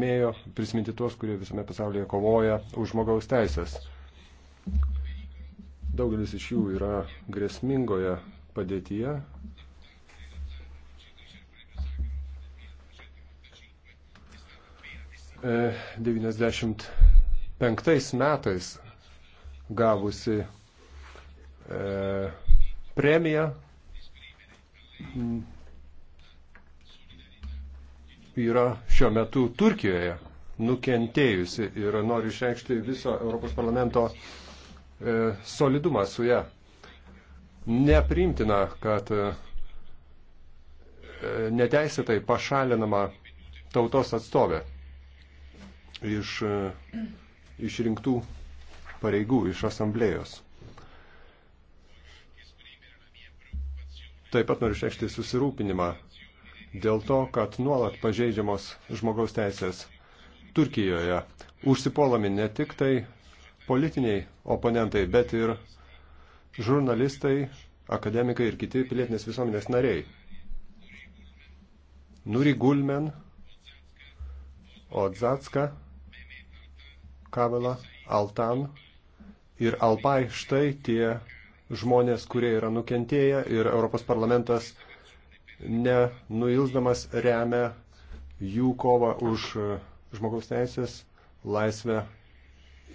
mėjo prisiminti tuos, kurie visame pasaulyje kovoja už žmogaus teisės. Daugelis iš jų yra grėsmingoje padėtyje. E, 95 metais gavusi e, premiją yra šiuo metu Turkijoje nukentėjusi ir noriu išreikšti viso Europos parlamento e, solidumą su ją. Nepriimtina, kad e, neteisėtai pašalinama tautos atstovė iš e, išrinktų pareigų, iš asamblėjos. Taip pat noriu išreikšti susirūpinimą dėl to, kad nuolat pažeidžiamos žmogaus teisės Turkijoje. Užsipuolami ne tik tai politiniai oponentai, bet ir žurnalistai, akademikai ir kiti pilietinės visuomenės nariai. Nuri Gulmen, Odzatska, Kavela, Altan ir Alpai štai tie žmonės, kurie yra nukentėję ir Europos parlamentas nenuilsdamas remia jų kovą už e, žmogaus teisės, laisvę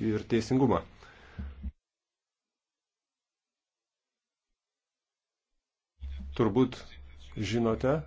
ir teisingumą. Turbūt žinote,